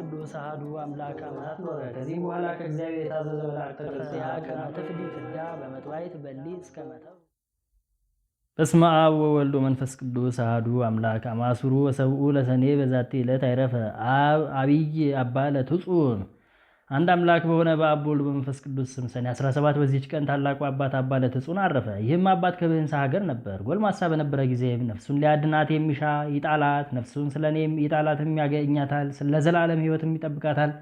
ቅዱስ አህዱ አምላክ አማት ኖረ። ከዚህ በኋላ ከእግዚአብሔር የታዘዘ መልአክ ተቀጽያ ከመተፍ ዲትዳ በመጥዋይት በሊ እስከ መተው በስመ አብ ወወልድ ወመንፈስ ቅዱስ አሐዱ አምላክ አማስሩ ወሰብኡ ለሰኔ በዛቲ ዕለት አይረፈ አብይ አቢይ አባ ለትጹር አንድ አምላክ በሆነ በአብ በመንፈስ ቅዱስ ስም ሰኔ 17 በዚች ቀን ታላቁ አባት አባ ለትጹን አረፈ። ይህም አባት ከብህንሳ ሀገር ነበር። ጎልማሳ በነበረ ጊዜ ነፍሱን ሊያድናት የሚሻ ይጣላት፣ ነፍሱን ስለ እኔም ይጣላትም ያገኛታል፣ ለዘላለም ሕይወትም ይጠብቃታል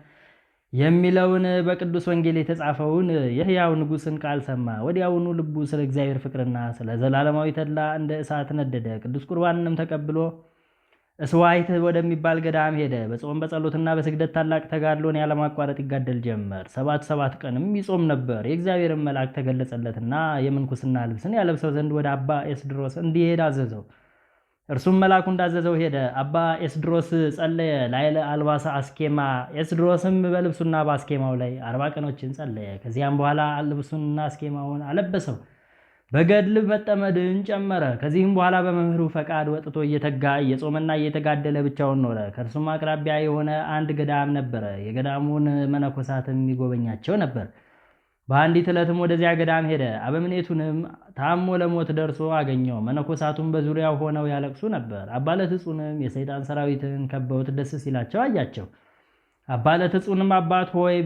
የሚለውን በቅዱስ ወንጌል የተጻፈውን የሕያው ንጉሥን ቃል ሰማ። ወዲያውኑ ልቡ ስለ እግዚአብሔር ፍቅርና ስለ ዘላለማዊ ተድላ እንደ እሳት ነደደ። ቅዱስ ቁርባንንም ተቀብሎ እስዋይት ወደሚባል ገዳም ሄደ። በጾም በጸሎትና በስግደት ታላቅ ተጋድሎን ያለማቋረጥ ይጋደል ጀመር። ሰባት ሰባት ቀንም ይጾም ነበር። የእግዚአብሔርን መልአክ ተገለጸለትና የምንኩስና ልብስን ያለብሰው ዘንድ ወደ አባ ኤስድሮስ እንዲሄድ አዘዘው። እርሱም መልአኩ እንዳዘዘው ሄደ። አባ ኤስድሮስ ጸለየ ላይለ አልባሳ አስኬማ። ኤስድሮስም በልብሱና በአስኬማው ላይ አርባ ቀኖችን ጸለየ። ከዚያም በኋላ ልብሱንና አስኬማውን አለበሰው። በገድል መጠመድን ጨመረ። ከዚህም በኋላ በመምህሩ ፈቃድ ወጥቶ እየተጋ እየጾመና እየተጋደለ ብቻውን ኖረ። ከእርሱም አቅራቢያ የሆነ አንድ ገዳም ነበረ። የገዳሙን መነኮሳትም የሚጎበኛቸው ነበር። በአንዲት ዕለትም ወደዚያ ገዳም ሄደ። አበምኔቱንም ታሞ ለሞት ደርሶ አገኘው። መነኮሳቱም በዙሪያው ሆነው ያለቅሱ ነበር። አባለት ዕጹንም የሰይጣን ሰራዊትን ከበውት ደስ ሲላቸው አያቸው። አባ አባት ሆይ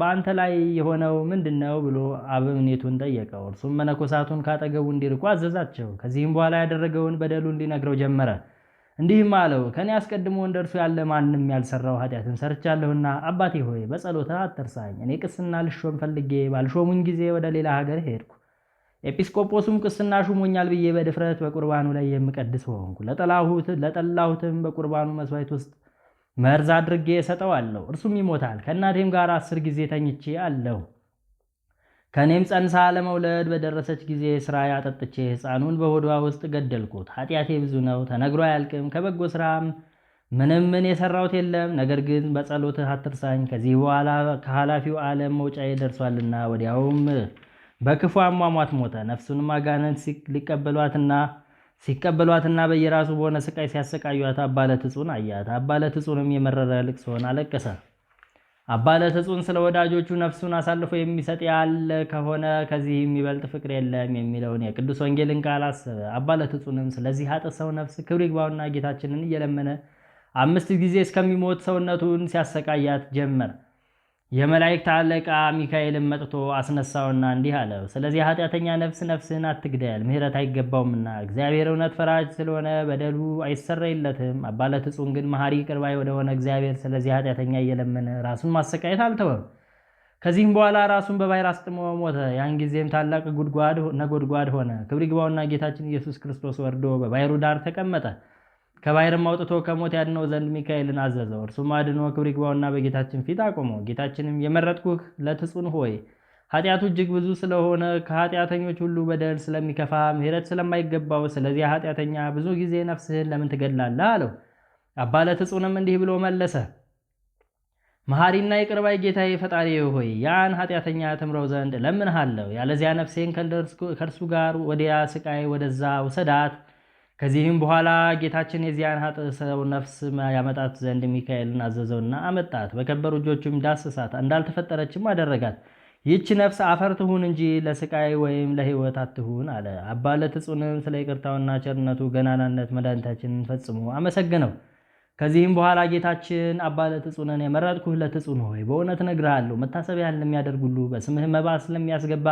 በአንተ ላይ የሆነው ምንድን ነው ብሎ አበምኔቱን ጠየቀው። እርሱም መነኮሳቱን ካጠገቡ እንዲርቁ አዘዛቸው። ከዚህም በኋላ ያደረገውን በደሉ እንዲነግረው ጀመረ። እንዲህም አለው፣ ከኔ አስቀድሞ እንደ እርሱ ያለ ማንም ያልሰራው ኃጢአትን ሰርቻለሁና አባቴ ሆይ በጸሎታ አትርሳኝ። እኔ ቅስና ልሾም ፈልጌ ባልሾሙኝ ጊዜ ወደ ሌላ ሀገር ሄድኩ። ኤጲስቆጶስም ቅስና ሹሞኛል ብዬ በድፍረት በቁርባኑ ላይ የምቀድስ ሆንኩ። ለጠላሁትም በቁርባኑ መስዋዕት ውስጥ መርዝ አድርጌ እሰጠዋለሁ፣ እርሱም ይሞታል። ከእናቴም ጋር አስር ጊዜ ተኝቼ አለሁ። ከእኔም ጸንሳ ለመውለድ በደረሰች ጊዜ ስራ ያጠጥቼ ሕፃኑን በሆዷ ውስጥ ገደልኩት። ኃጢአቴ ብዙ ነው፣ ተነግሮ አያልቅም። ከበጎ ስራም ምንም ምን የሰራውት የለም። ነገር ግን በጸሎትህ አትርሳኝ። ከዚህ በኋላ ከኃላፊው ዓለም መውጫዬ ደርሷልና። ወዲያውም በክፉ አሟሟት ሞተ። ነፍሱንም አጋንንት ሊቀበሏትና ሲቀበሏትና በየራሱ በሆነ ስቃይ ሲያሰቃዩት አባለት ጹን አያት። አባለት ጹንም የመረረ ልቅሶን አለቀሰ። አባለት ጹን ስለ ወዳጆቹ ነፍሱን አሳልፎ የሚሰጥ ያለ ከሆነ ከዚህ የሚበልጥ ፍቅር የለም የሚለውን የቅዱስ ወንጌልን ቃል አሰበ። አባለት ጹንም ስለዚህ ኃጥእ ሰው ነፍስ ክብር ይግባውና ጌታችንን እየለመነ አምስት ጊዜ እስከሚሞት ሰውነቱን ሲያሰቃያት ጀመር። የመላእክት አለቃ ሚካኤልን መጥቶ አስነሳውና እንዲህ አለው፣ ስለዚህ ኃጢአተኛ ነፍስ ነፍስህን አትግደል፣ ምሕረት አይገባውምና እግዚአብሔር እውነት ፈራጅ ስለሆነ በደሉ አይሰረይለትም። አባለት እጹን ግን መሐሪ ቅርባይ ወደሆነ እግዚአብሔር ስለዚህ ኃጢአተኛ እየለመነ ራሱን ማሰቃየት አልተወም። ከዚህም በኋላ ራሱን በቫይረስ ጥሞ ሞተ። ያን ጊዜም ታላቅ ነጎድጓድ ሆነ። ክብር ይግባውና ጌታችን ኢየሱስ ክርስቶስ ወርዶ በባሕሩ ዳር ተቀመጠ። ከባሕርም አውጥቶ ከሞት ያድነው ዘንድ ሚካኤልን አዘዘው። እርሱም አድኖ ክብር ይግባውና በጌታችን ፊት አቆመው። ጌታችንም የመረጥኩህ ለትጹን ሆይ ኃጢአቱ እጅግ ብዙ ስለሆነ ከኃጢአተኞች ሁሉ በደል ስለሚከፋ ምሕረት ስለማይገባው ስለዚያ ኃጢአተኛ ብዙ ጊዜ ነፍስህን ለምን ትገድላለህ? አለው። አባ ለትጹንም እንዲህ ብሎ መለሰ። መሐሪና የቅርባይ ጌታዬ ፈጣሪ ሆይ ያን ኃጢአተኛ ትምረው ዘንድ እለምንሃለሁ። ያለዚያ ነፍሴን ከእርሱ ጋር ወዲያ ስቃይ ወደዛ ውሰዳት ከዚህም በኋላ ጌታችን የዚያን ሀጥ ሰው ነፍስ ያመጣት ዘንድ ሚካኤልን አዘዘውና አመጣት። በከበሩ እጆቹም ዳስሳት እንዳልተፈጠረችም አደረጋት። ይህች ነፍስ አፈር ትሁን እንጂ ለስቃይ ወይም ለሕይወት አትሁን አለ። አባ ለትጹንም ስለ ይቅርታውና ቸርነቱ ገናናነት መድኃኒታችንን ፈጽሞ አመሰገነው። ከዚህም በኋላ ጌታችን አባ ለትጹንን የመረጥኩህ ለትጹን ሆይ በእውነት እነግርሃለሁ መታሰቢያን ለሚያደርጉሉ በስምህ መባ ስለሚያስገባ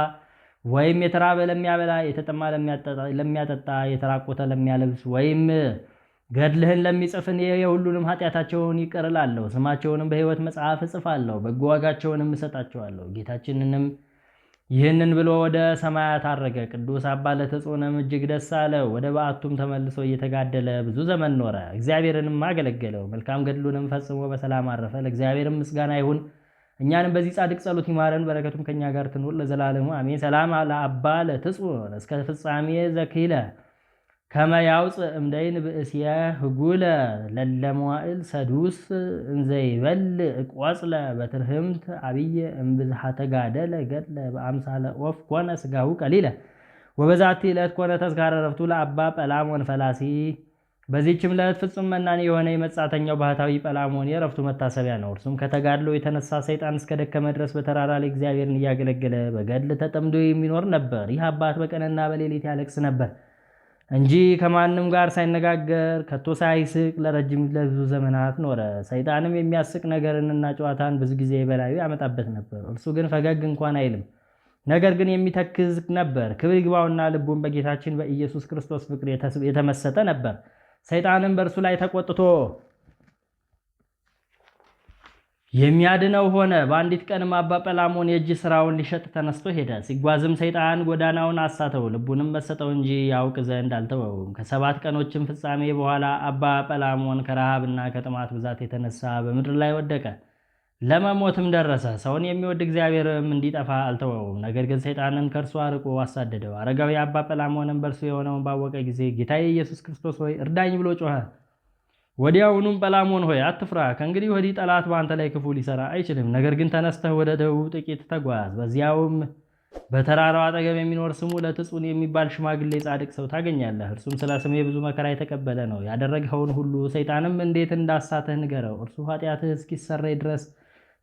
ወይም የተራበ ለሚያበላ፣ የተጠማ ለሚያጠጣ፣ የተራቆተ ለሚያለብስ ወይም ገድልህን ለሚጽፍ የሁሉንም ኃጢአታቸውን ይቀርላለሁ ስማቸውንም በሕይወት መጽሐፍ እጽፋለሁ፣ በጎ ዋጋቸውንም እሰጣቸዋለሁ። ጌታችንንም ይህንን ብሎ ወደ ሰማያት አረገ። ቅዱስ አባ ለተጾነም እጅግ ደስ አለው። ወደ በዓቱም ተመልሶ እየተጋደለ ብዙ ዘመን ኖረ፣ እግዚአብሔርንም አገለገለው። መልካም ገድሉንም ፈጽሞ በሰላም አረፈ። ለእግዚአብሔርም ምስጋና ይሁን። እኛንም በዚህ ጻድቅ ጸሎት ይማረን፣ በረከቱም ከኛ ጋር ትኑር ለዘላለሙ አሜን። ሰላም ለአባ ለትጹን እስከ ፍጻሜ ዘኪለ ከመ ያውፅእ እምደይን ብእስየ ህጉለ ለለመዋእል ሰዱስ እንዘይበልዕ ቆጽለ በትርህምት አብየ እምብዝሓተ ጋደለ ገድለ በአምሳለ ወፍ ኮነ ስጋሁ ቀሊለ ወበዛቲ ዕለት ኮነ ተዝካረ ዕረፍቱ ለአባ ጰላሞን ፈላሲ በዚህችም ዕለት ፍጹም መናኔ የሆነ የመጻተኛው ባህታዊ ጰላሞን የእረፍቱ መታሰቢያ ነው። እርሱም ከተጋድሎ የተነሳ ሰይጣን እስከ ደከመ ድረስ በተራራ ላይ እግዚአብሔርን እያገለገለ በገድል ተጠምዶ የሚኖር ነበር። ይህ አባት በቀንና በሌሊት ያለቅስ ነበር እንጂ ከማንም ጋር ሳይነጋገር ከቶ ሳይስቅ ለረጅም ለብዙ ዘመናት ኖረ። ሰይጣንም የሚያስቅ ነገርንና ጨዋታን ብዙ ጊዜ በላዩ ያመጣበት ነበር። እርሱ ግን ፈገግ እንኳን አይልም። ነገር ግን የሚተክዝ ነበር። ክብር ይግባውና ልቡን በጌታችን በኢየሱስ ክርስቶስ ፍቅር የተመሰጠ ነበር። ሰይጣንም በእርሱ ላይ ተቆጥቶ የሚያድነው ሆነ። በአንዲት ቀንም አባ ጰላሞን የእጅ ስራውን ሊሸጥ ተነስቶ ሄደ። ሲጓዝም ሰይጣን ጎዳናውን አሳተው፣ ልቡንም መሰጠው እንጂ ያውቅ ዘንድ አልተወውም። ከሰባት ቀኖችም ፍጻሜ በኋላ አባ ጰላሞን ከረሃብና ከጥማት ብዛት የተነሳ በምድር ላይ ወደቀ። ለመሞትም ደረሰ። ሰውን የሚወድ እግዚአብሔርም እንዲጠፋ አልተወውም፣ ነገር ግን ሰይጣንን ከእርሱ አርቆ አሳደደው። አረጋዊ አባ ጰላሞንም በእርሱ የሆነውን ባወቀ ጊዜ ጌታዬ ኢየሱስ ክርስቶስ ሆይ እርዳኝ ብሎ ጮኸ። ወዲያውኑም ጰላሞን ሆይ አትፍራ፣ ከእንግዲህ ወዲህ ጠላት በአንተ ላይ ክፉ ሊሰራ አይችልም። ነገር ግን ተነስተህ ወደ ደቡብ ጥቂት ተጓዝ። በዚያውም በተራራው አጠገብ የሚኖር ስሙ ለትጹን የሚባል ሽማግሌ ጻድቅ ሰው ታገኛለህ። እርሱም ስለ ስሜ ብዙ መከራ የተቀበለ ነው። ያደረግኸውን ሁሉ ሰይጣንም እንዴት እንዳሳተህ ንገረው። እርሱ ኃጢአትህ እስኪሰረይ ድረስ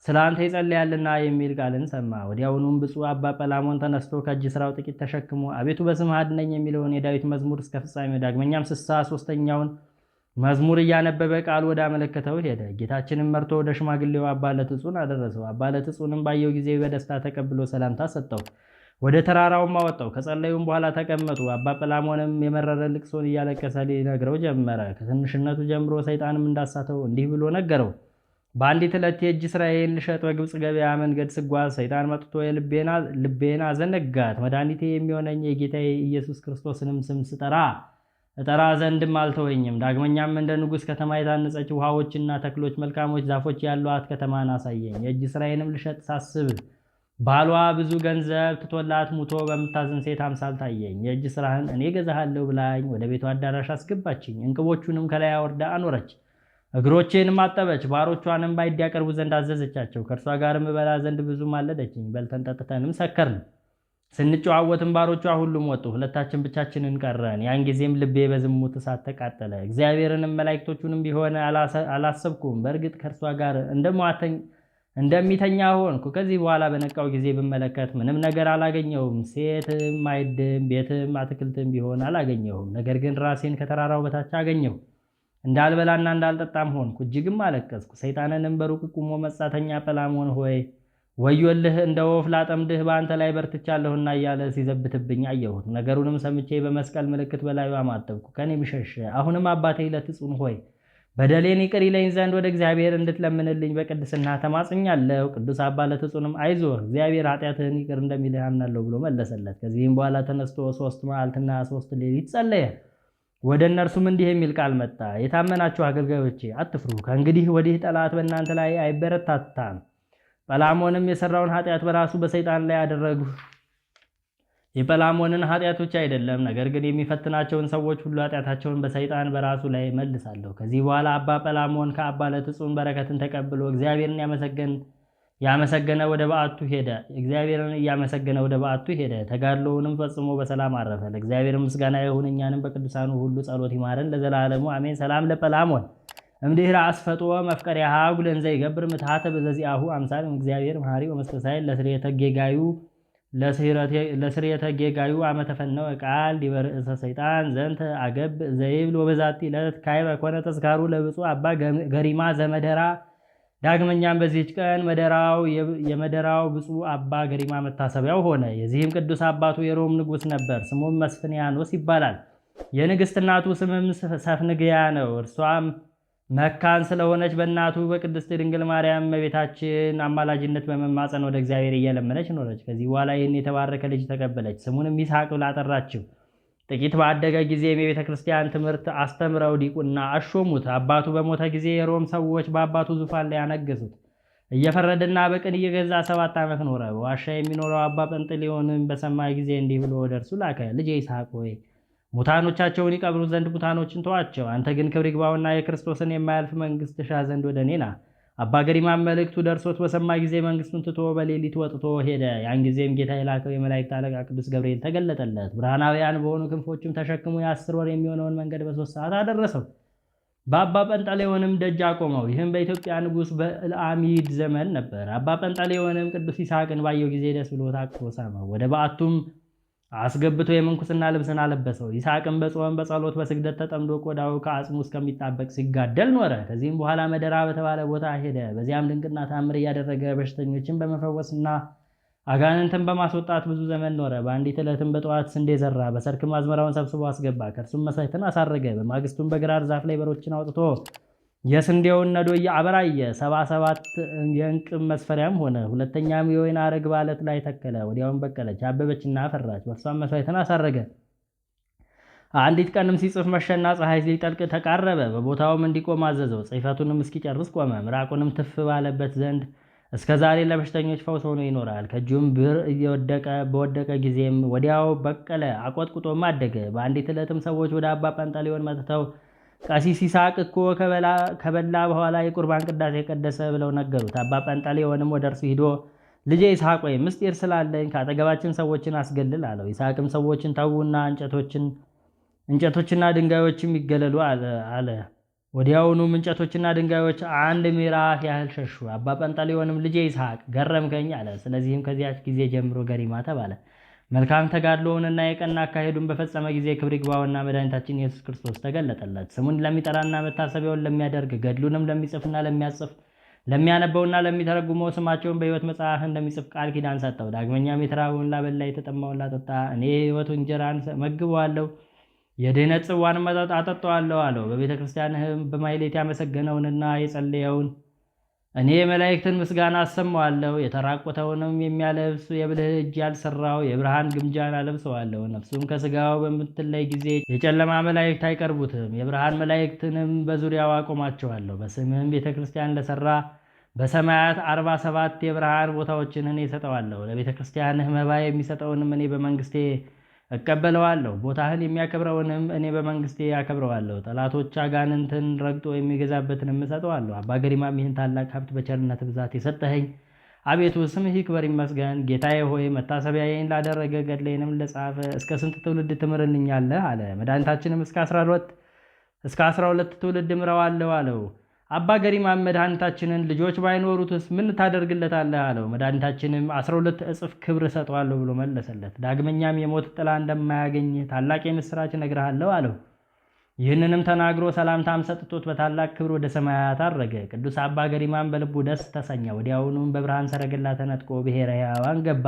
ስለ አንተ ይጸልያልና የሚል ቃልን ሰማ። ወዲያውኑም ብፁዕ አባ ጰላሞን ተነስቶ ከእጅ ስራው ጥቂት ተሸክሞ አቤቱ በስምህ አድነኝ የሚለውን የዳዊት መዝሙር እስከ ፍጻሜው ዳግመኛም ስሳ ሶስተኛውን መዝሙር እያነበበ ቃል ወደ አመለከተው ሄደ። ጌታችንም መርቶ ወደ ሽማግሌው አባለት እጹን አደረሰው። አባለት እጹንም ባየው ጊዜ በደስታ ተቀብሎ ሰላምታ ሰጠው። ወደ ተራራውም አወጣው። ከጸለዩም በኋላ ተቀመጡ። አባ ጰላሞንም የመረረ ልቅሶን እያለቀሰ ሊነግረው ጀመረ። ከትንሽነቱ ጀምሮ ሰይጣንም እንዳሳተው እንዲህ ብሎ ነገረው። በአንዲት ዕለት የእጅ ሥራዬን ልሸጥ በግብፅ ገበያ መንገድ ስጓዝ ሰይጣን መጥቶ ልቤን አዘነጋት። መድኃኒቴ የሚሆነኝ የጌታዬ ኢየሱስ ክርስቶስንም ስም ስጠራ እጠራ ዘንድም አልተወኝም። ዳግመኛም እንደ ንጉሥ ከተማ የታነጸች ውሃዎችና ተክሎች መልካሞች ዛፎች ያሏት ከተማን አሳየኝ። የእጅ ሥራዬንም ልሸጥ ሳስብ ባሏ ብዙ ገንዘብ ትቶላት ሙቶ በምታዝን ሴት አምሳል ታየኝ። የእጅ ሥራህን እኔ ገዛሃለሁ ብላኝ ወደ ቤቷ አዳራሽ አስገባችኝ። እንቅቦቹንም ከላይ አወርዳ አኖረች። እግሮቼንም አጠበች፣ ባሮቿንም ማዕድ ያቀርቡ ዘንድ አዘዘቻቸው። ከእርሷ ጋርም እበላ ዘንድ ብዙ ማለደችኝ። በልተን ጠጥተንም ሰከርን፣ ስንጨዋወትም ባሮቿ ሁሉም ወጡ፣ ሁለታችን ብቻችንን ቀረን። ያን ጊዜም ልቤ በዝሙት እሳት ተቃጠለ። እግዚአብሔርንም መላእክቶቹንም ቢሆነ አላሰብኩም። በእርግጥ ከእርሷ ጋር እንደሟተኝ እንደሚተኛ ሆንኩ። ከዚህ በኋላ በነቃው ጊዜ ብመለከት ምንም ነገር አላገኘሁም። ሴትም አይድም ቤትም አትክልትም ቢሆን አላገኘሁም። ነገር ግን ራሴን ከተራራው በታች አገኘሁ። እንዳልበላና እንዳልጠጣም ሆንኩ። እጅግም አለቀስኩ። ሰይጣንንም በሩቅ ቁሞ መጻተኛ ጰላሞን ሆይ ወዮልህ እንደ ወፍ ላጠምድህ በአንተ ላይ በርትቻለሁና እያለ ሲዘብትብኝ አየሁት። ነገሩንም ሰምቼ በመስቀል ምልክት በላዩ አማተብኩ፣ ከኔም ሸሸ። አሁንም አባቴ ለትጹን ሆይ በደሌን ይቅር ይለኝ ዘንድ ወደ እግዚአብሔር እንድትለምንልኝ በቅድስና ተማጽኛለሁ። ቅዱስ አባ ለትጹንም አይዞ እግዚአብሔር ኃጢአትህን ይቅር እንደሚልህ አምናለሁ ብሎ መለሰለት። ከዚህም በኋላ ተነስቶ ሶስት መዓልትና ሶስት ሌሊት ጸለየ። ወደ እነርሱም እንዲህ የሚል ቃል መጣ። የታመናችሁ አገልጋዮቼ አትፍሩ፣ ከእንግዲህ ወዲህ ጠላት በእናንተ ላይ አይበረታታም። ጳላሞንም የሰራውን ኃጢአት በራሱ በሰይጣን ላይ አደረጉ። የጳላሞንን ኃጢአቶች አይደለም፣ ነገር ግን የሚፈትናቸውን ሰዎች ሁሉ ኃጢአታቸውን በሰይጣን በራሱ ላይ መልሳለሁ። ከዚህ በኋላ አባ ጳላሞን ከአባ ለትጹን በረከትን ተቀብሎ እግዚአብሔርን ያመሰገን ያመሰገነ ወደ በዓቱ ሄደ። እግዚአብሔርን እያመሰገነ ወደ በዓቱ ሄደ። ተጋድሎውንም ፈጽሞ በሰላም አረፈ። ለእግዚአብሔር ምስጋና ይሁን፣ እኛንም በቅዱሳኑ ሁሉ ጸሎት ይማረን ለዘላለሙ አሜን። ሰላም ለጰላሞን እምድኅረ አስፈጦ መፍቀር ያሃጉ ለእንዘ ይገብር ምትሃተ በዘዚአሁ አምሳል እግዚአብሔር መሐሪ ወመስተሳይ ለስርየተ ጌጋዩ ለስርየተ ጌጋዩ አመ ቃል ዲበ ርእሰ ሰይጣን ዘንተ አገብ ዘይብል ወበዛቲ ዕለት ካዕበ ኮነ ተዝካሩ ለብፁዕ አባ ገሪማ ዘመደራ ዳግመኛም በዚህች ቀን መደራው የመደራው ብፁዕ አባ ገሪማ መታሰቢያው ሆነ። የዚህም ቅዱስ አባቱ የሮም ንጉሥ ነበር። ስሙም መስፍንያኖስ ይባላል። የንግሥት እናቱ ስምም ሰፍንግያ ነው። እርሷም መካን ስለሆነች በእናቱ በቅድስት ድንግል ማርያም መቤታችን አማላጅነት በመማፀን ወደ እግዚአብሔር እየለመነች ኖረች። ከዚህ በኋላ ይህን የተባረከ ልጅ ተቀበለች። ስሙንም ይስሐቅ ብላ ጠራችው። ጥቂት ባደገ ጊዜም የቤተ ክርስቲያን ትምህርት አስተምረው ዲቁና አሾሙት። አባቱ በሞተ ጊዜ የሮም ሰዎች በአባቱ ዙፋን ላይ ያነገሱት። እየፈረደና በቅን እየገዛ ሰባት ዓመት ኖረ። በዋሻ የሚኖረው አባ ጰንጥሊዮንም በሰማይ ጊዜ እንዲህ ብሎ ወደ እርሱ ላከ። ልጄ ይስሐቅ ሆይ ሙታኖቻቸውን ይቀብሩ ዘንድ ሙታኖችን ተዋቸው። አንተ ግን ክብር ይግባውና የክርስቶስን የማያልፍ መንግስት ትሻ ዘንድ ወደ እኔ ና አባ ገሪማም መልእክቱ ደርሶት በሰማ ጊዜ መንግስቱን ትቶ በሌሊት ወጥቶ ሄደ። ያን ጊዜም ጌታ የላከው የመላእክት አለቃ ቅዱስ ገብርኤል ተገለጠለት። ብርሃናውያን በሆኑ ክንፎችም ተሸክሞ የአስር ወር የሚሆነውን መንገድ በሶስት ሰዓት አደረሰው። በአባ ጰንጠሌዎንም ደጅ አቆመው። ይህም በኢትዮጵያ ንጉሥ በልአሚድ ዘመን ነበር። አባ ጰንጠሌዎንም ቅዱስ ይስሐቅን ባየው ጊዜ ደስ ብሎ ታቅፎ ሳመው። ወደ በዓቱም አስገብቶ የምንኩስና ልብስን አለበሰው። ይስሐቅም በጾም በጸሎት በስግደት ተጠምዶ ቆዳው ከአጽሙ እስከሚጣበቅ ሲጋደል ኖረ። ከዚህም በኋላ መደራ በተባለ ቦታ ሄደ። በዚያም ድንቅና ታምር እያደረገ በሽተኞችን በመፈወስና አጋንንትን በማስወጣት ብዙ ዘመን ኖረ። በአንዲት ዕለትም በጠዋት ስንዴ ዘራ፣ በሰርክም አዝመራውን ሰብስቦ አስገባ። ከእርሱም መሳይትን አሳረገ። በማግስቱም በግራር ዛፍ ላይ በሮችን አውጥቶ የስንዴውን ነዶ አበራየ ሰባ ሰባት የእንቅብ መስፈሪያም ሆነ። ሁለተኛም የወይን አረግ ባለት ላይ ተከለ። ወዲያውም በቀለች አበበችና አፈራች። በእርሷም መስዋዕትን አሳረገ። አንዲት ቀንም ሲጽፍ መሸና ፀሐይ ሊጠልቅ ተቃረበ። በቦታውም እንዲቆም አዘዘው። ጽሕፈቱንም እስኪጨርስ ቆመ። ምራቁንም ትፍ ባለበት ዘንድ እስከ ዛሬ ለበሽተኞች ፈውስ ሆኖ ይኖራል። ከእጁም ብር እየወደቀ በወደቀ ጊዜም ወዲያው በቀለ፣ አቆጥቁጦም አደገ። በአንዲት ዕለትም ሰዎች ወደ አባ ጳንጠሊዮን መጥተው ቀሲስ ይስሐቅ እኮ ከበላ በኋላ የቁርባን ቅዳሴ ቀደሰ ብለው ነገሩት። አባ ጳንጣሌዎንም ወደ እርሱ ሂዶ ልጄ ይስሐቅ ወይ ምስጢር ስላለኝ ከአጠገባችን ሰዎችን አስገልል አለው። ይስሐቅም ሰዎችን ተዉና እንጨቶችና ድንጋዮችም ይገለሉ አለ። ወዲያውኑም እንጨቶችና ድንጋዮች አንድ ምዕራፍ ያህል ሸሹ። አባ ጳንጣሌዎንም ልጄ ይስሐቅ ገረምከኝ አለ። ስለዚህም ከዚያች ጊዜ ጀምሮ ገሪማ ተባለ። መልካም ተጋድሎውንና የቀና አካሄዱን በፈጸመ ጊዜ ክብር ይግባውና መድኃኒታችን ኢየሱስ ክርስቶስ ተገለጠለት። ስሙን ለሚጠራና መታሰቢያውን ለሚያደርግ ገድሉንም ለሚጽፍና ለሚያጽፍ ለሚያነበውና ለሚተረጉመው ስማቸውን በሕይወት መጽሐፍ እንደሚጽፍ ቃል ኪዳን ሰጠው። ዳግመኛም የተራበውን ላበላ፣ የተጠማውን ላጠጣ፣ እኔ የሕይወቱ እንጀራን መግበዋለሁ፣ የድህነት ጽዋን መጠጥ አጠጠዋለሁ አለው። በቤተ ክርስቲያንህም በማሕሌት ያመሰገነውንና የጸለየውን እኔ የመላእክትን ምስጋና አሰማዋለሁ። የተራቆተውንም የሚያለብስ የብልህ እጅ ያልሰራው የብርሃን ግምጃን አለብሰዋለሁ። ነፍሱም ከስጋው በምትለይ ጊዜ የጨለማ መላእክት አይቀርቡትም። የብርሃን መላእክትንም በዙሪያው አቆማቸዋለሁ። በስምህም ቤተ ክርስቲያን ለሰራ በሰማያት አርባ ሰባት የብርሃን ቦታዎችን እኔ እሰጠዋለሁ። ለቤተ ክርስቲያንህ መባ የሚሰጠውንም እኔ በመንግስቴ እቀበለዋለሁ። ቦታህን የሚያከብረውንም እኔ በመንግስቴ ያከብረዋለሁ። ጠላቶች አጋንንትን ረግጦ የሚገዛበትንም እሰጠዋለሁ። አባ ገሪማም ይህን ታላቅ ሀብት በቸርነት ብዛት የሰጠኸኝ አቤቱ ስምህ ይክበር ይመስገን። ጌታዬ ሆይ መታሰቢያዬን ላደረገ ገድሌንም ለጻፈ እስከ ስንት ትውልድ ትምርልኛለህ አለ። መድኃኒታችንም እስከ 12 እስከ 12 ትውልድ ምረዋለሁ አለው። አባ ገሪማ መድኃኒታችንን ልጆች ባይኖሩትስ ምን ታደርግለታለህ አለው። መድኃኒታችንም አስራ ሁለት እጽፍ ክብር እሰጠዋለሁ ብሎ መለሰለት። ዳግመኛም የሞት ጥላ እንደማያገኝ ታላቅ የምስራች እነግርሃለሁ አለው። ይህንንም ተናግሮ ሰላምታም ሰጥቶት በታላቅ ክብር ወደ ሰማያት አረገ። ቅዱስ አባ ገሪማም በልቡ ደስ ተሰኘ። ወዲያውኑም በብርሃን ሰረገላ ተነጥቆ ብሔረ ሕያዋን ገባ።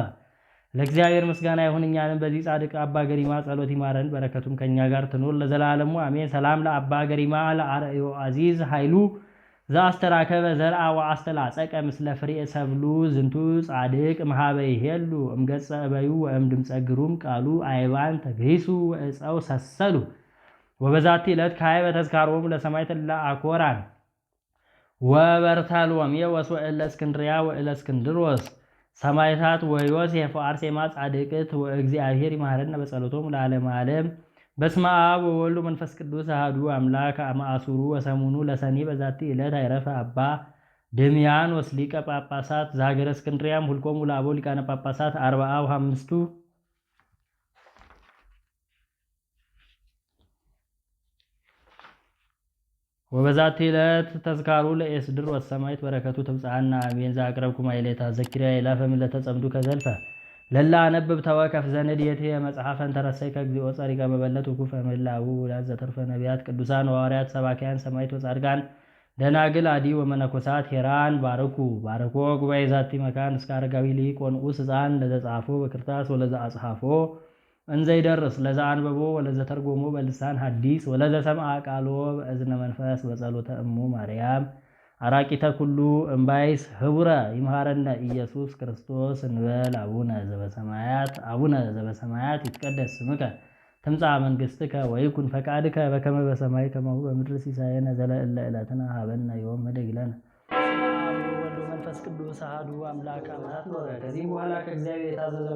ለእግዚአብሔር ምስጋና ይሁን። እኛንም በዚህ ጻድቅ አባ ገሪማ ጸሎት ይማረን፣ በረከቱም ከእኛ ጋር ትኖር ለዘላለሙ አሜን። ሰላም ለአባ ገሪማ ለአርዮ አዚዝ ኃይሉ ዘአስተራከበ ዘርአ ወአስተላጸቀ ምስለ ፍሬ ሰብሉ ዝንቱ ጻድቅ መሃበ ይሄሉ እምገጸ እበዩ ወእም ድምፀ ግሩም ቃሉ አይባን ተገይሱ ወእፀው ሰሰሉ ወበዛቲ ዕለት ካይበ ተዝካሮሙ ለሰማዕት ለአኮራን የወስ ወእለ እስክንድርያ ወእለ እስክንድሮስ ሰማዕታት ወዮሴፍ አርሴማ ጻድቅት ወእግዚአብሔር ይማረነ በጸሎቶም ለዓለመ ዓለም በስመ አብ ወወልድ መንፈስ ቅዱስ አሐዱ አምላክ አመ አሥሩ ወሰሙኑ ለሰኔ በዛቲ ዕለት አይረፈ አባ ድምያኖስ ወስሊቀ ጳጳሳት ዛገረ እስክንድርያም ሁልቆሙ ለአቦ ሊቃነ ጳጳሳት አርብዓ ወአምስቱ ወበዛቲ ዕለት ተዝካሩ ለኤስድር ወሰማይት በረከቱ ትብጽሐነ አሜን። ዘአቅረብኩማ ኢሌታ ዘኪርያ ይላፈ ምለተጸምዱ ከዘልፈ ለላ ነብብ ተወከፍ ዘንድ የትየ መጽሐፈን ተረሰይ እግዚኦ ጸሪከ በበለቱ ኩፈ ምህላ አቡ ውላድ ዘተርፈ ነቢያት ቅዱሳን ዋርያት ሰባኪያን ሰማይት ወጻድቃን ደናግል አዲ ወመነኮሳት ሄራን ባረኩ ባረኮ ጉባኤ ዛቲ መካን እስከ አረጋዊ ሊቆንኡስ ህፃን ለዘጻፎ በክርታስ ወለዘ አጽሐፎ እንዘይደርስ ለዘ አንበቦ ወለዘ ተርጎሞ በልሳን ሀዲስ ወለዘ ሰምዐ ቃሎ በእዝነ መንፈስ በጸሎተ እሙ ማርያም አራቂተ ኩሉ እምባይስ ህቡረ ይምሃረነ ኢየሱስ ክርስቶስ እንበል። አቡነ ዘበሰማያት አቡነ ዘበሰማያት ይትቀደስ ስምከ ትምጻእ መንግሥትከ ወይኩን ፈቃድከ በከመ በሰማይ ከማሁ በምድር ሲሳየነ ዘለእለ ዕለትነ ሀበነ ዮም ኅድግ ለነ። መንፈስ ቅዱስ አሐዱ አምላክ አማት በኋላ ከእግዚአብሔር የታዘዘ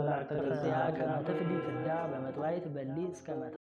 ከመትፍዲ በሊ እስከ